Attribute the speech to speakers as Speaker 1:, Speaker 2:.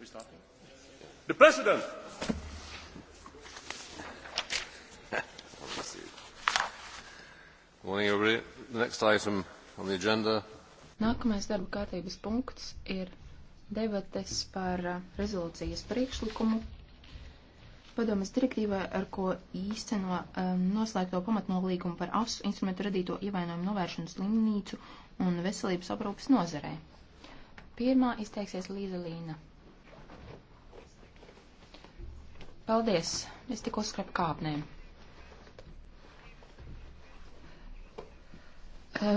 Speaker 1: There's nothing. The President!
Speaker 2: Morning, everybody. The next item on the agenda.
Speaker 1: Nākamais darba kārtības punkts ir debates par uh, rezolūcijas priekšlikumu padomas direktīvai,
Speaker 3: ar ko īsteno um, noslēgto pamatnolīgumu par asu instrumentu radīto ievainojumu novēršanu slimnīcu un veselības aprūpas nozarē. Pirmā izteiksies Līza
Speaker 4: Līna. Paldies! Es tik
Speaker 1: uzskatu kāpnēm.